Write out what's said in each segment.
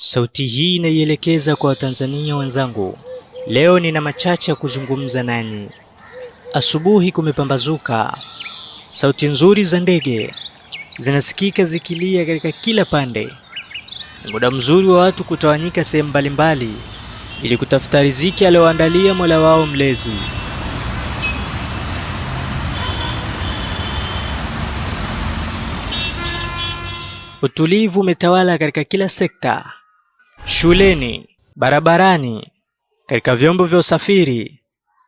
Sauti hii inaielekeza kwa Watanzania wenzangu. Leo nina machache ya kuzungumza nanyi. Asubuhi kumepambazuka, sauti nzuri za ndege zinasikika zikilia katika kila pande. Ni muda mzuri wa watu kutawanyika sehemu mbalimbali ili kutafuta riziki aliyoandalia Mola wao mlezi. Utulivu umetawala katika kila sekta shuleni, barabarani, katika vyombo vya usafiri,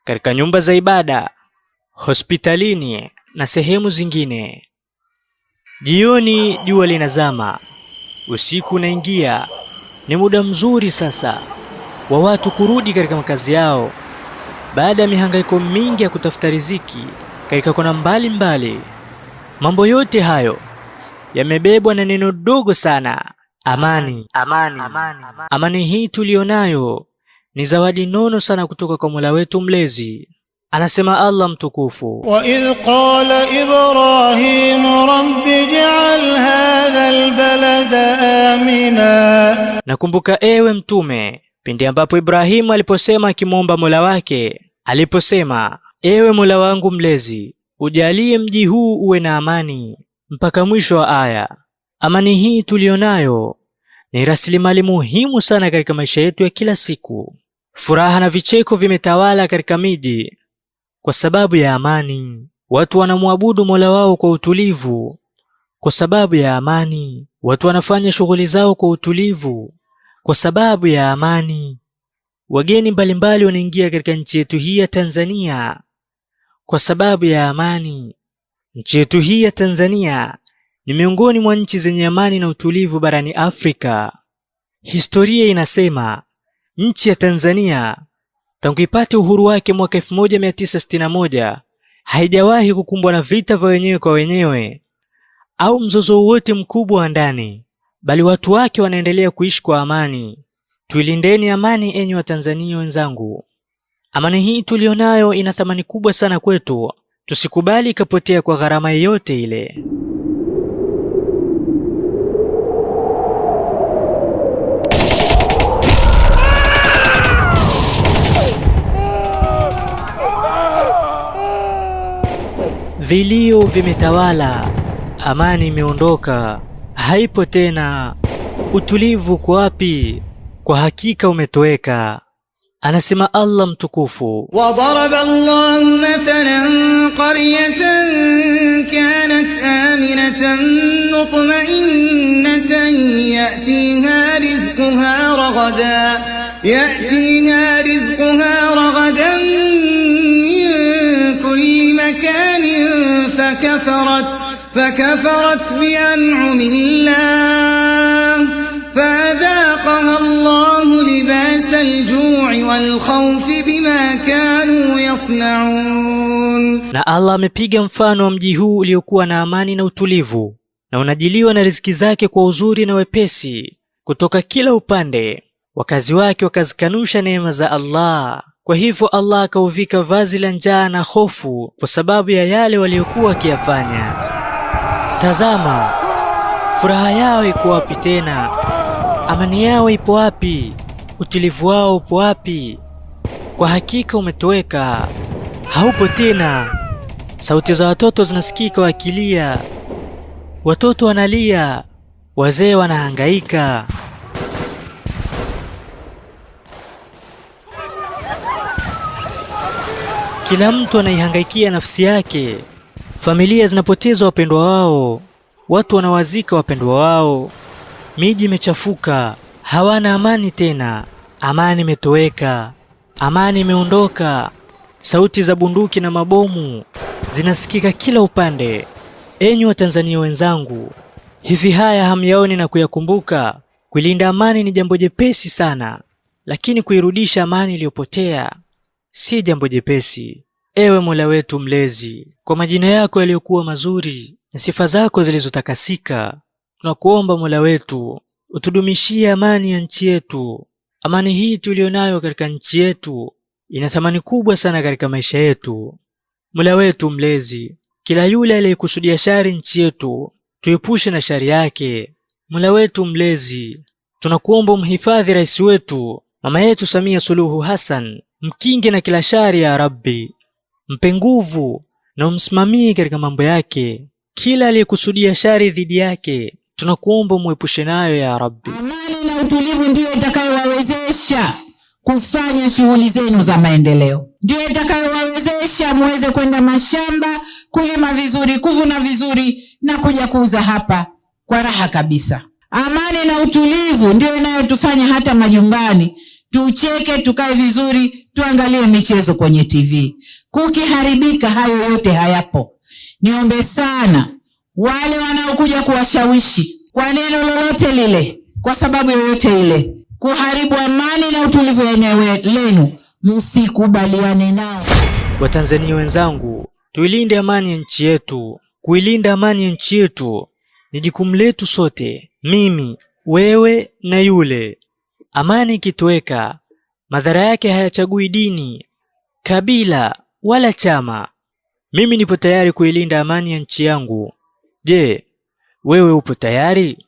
katika nyumba za ibada, hospitalini na sehemu zingine. Jioni jua linazama, usiku unaingia. Ni muda mzuri sasa wa watu kurudi katika makazi yao baada ya mihangaiko mingi ya kutafuta riziki katika kona mbalimbali. Mambo yote hayo yamebebwa na neno dogo sana Amani, amani, amani, amani. hii tuliyonayo ni zawadi nono sana kutoka kwa Mola wetu mlezi. Anasema Allah mtukufu, wa idh qala Ibrahim rabbi ij'al hadha albalada amina, nakumbuka ewe mtume pindi ambapo Ibrahimu aliposema akimwomba Mola wake aliposema, ewe Mola wangu mlezi ujalie mji huu uwe na amani, mpaka mwisho wa aya. Amani hii tuliyonayo ni rasilimali muhimu sana katika maisha yetu ya kila siku. Furaha na vicheko vimetawala katika miji. Kwa sababu ya amani, watu wanamwabudu Mola wao kwa utulivu. Kwa sababu ya amani, watu wanafanya shughuli zao kwa utulivu. Kwa sababu ya amani, wageni mbalimbali wanaingia katika nchi yetu hii ya Tanzania. Kwa sababu ya amani, nchi yetu hii ya Tanzania ni miongoni mwa nchi zenye amani na utulivu barani Afrika. Historia inasema nchi ya Tanzania tangu ipate uhuru wake mwaka 1961 haijawahi kukumbwa na vita vya wenyewe kwa wenyewe au mzozo wowote mkubwa wa ndani, bali watu wake wanaendelea kuishi kwa amani. Tuilindeni amani, enyi Watanzania wenzangu. Amani hii tuliyonayo ina thamani kubwa sana kwetu, tusikubali ikapotea kwa gharama yoyote ile. Vilio vimetawala, amani imeondoka, haipo tena. Utulivu uko wapi? Kwa hakika umetoweka. Anasema Allah mtukufu, wadaraba Allah mathalan qaryatan kanat aminatan mutmainatan yatiha rizquha ragada yatiha rizquha ragadan مكان فكفرت فكفرت بأنعم الله فأذاقها الله لباس الجوع والخوف بما كانوا يصنعون na Allah amepiga mfano wa mji huu uliokuwa na amani na utulivu na unajiliwa na riziki zake kwa uzuri na wepesi kutoka kila upande wakazi wake wakazikanusha neema za Allah kwa hivyo Allah akauvika vazi la njaa na hofu kwa sababu ya yale waliokuwa wakiyafanya. Tazama, furaha yao iko wapi tena? Amani yao ipo wapi? Utulivu wao upo wapi? Kwa hakika umetoweka, haupo tena. Sauti za watoto zinasikika wakilia, watoto wanalia, wazee wanahangaika. Kila mtu anaihangaikia nafsi yake. Familia zinapoteza wapendwa wao, watu wanawazika wapendwa wao, miji imechafuka, hawana amani tena, amani imetoweka, amani imeondoka. Sauti za bunduki na mabomu zinasikika kila upande. Enyi Watanzania wenzangu, hivi haya hamyaoni na kuyakumbuka? Kuilinda amani ni jambo jepesi sana, lakini kuirudisha amani iliyopotea si jambo jepesi. Ewe Mola wetu Mlezi, kwa majina yako yaliyokuwa mazuri na sifa zako zilizotakasika, tunakuomba Mola wetu utudumishie amani ya nchi yetu. Amani hii tuliyonayo katika nchi yetu ina thamani kubwa sana katika maisha yetu. Mola wetu Mlezi, kila yule aliyekusudia shari nchi yetu tuepushe na shari yake. Mola wetu Mlezi, tunakuomba umhifadhi rais wetu mama yetu Samia Suluhu Hassan Mkinge na kila shari ya Rabbi, mpe nguvu na umsimamie katika mambo yake. Kila aliyekusudia shari dhidi yake tunakuomba umwepushe nayo ya Rabbi. Amani na utulivu ndiyo itakayowawezesha kufanya shughuli zenu za maendeleo, ndiyo itakayowawezesha muweze kwenda mashamba kulima vizuri, kuvuna vizuri na kuja kuuza hapa kwa raha kabisa. Amani na utulivu ndiyo inayotufanya hata majumbani tucheke, tukae vizuri, tuangalie michezo kwenye TV. Kukiharibika, hayo yote hayapo. Niombe sana wale wanaokuja kuwashawishi kwa neno lolote lile, kwa sababu yoyote ile, kuharibu amani na utulivu wenyewe lenu, msikubaliane nao. Watanzania wenzangu, tuilinde amani ya nchi yetu. Kuilinda amani ya nchi yetu ni jukumu letu sote, mimi, wewe na yule Amani ikitoweka, madhara yake hayachagui dini, kabila wala chama. Mimi nipo tayari kuilinda amani ya nchi yangu. Je, wewe upo tayari?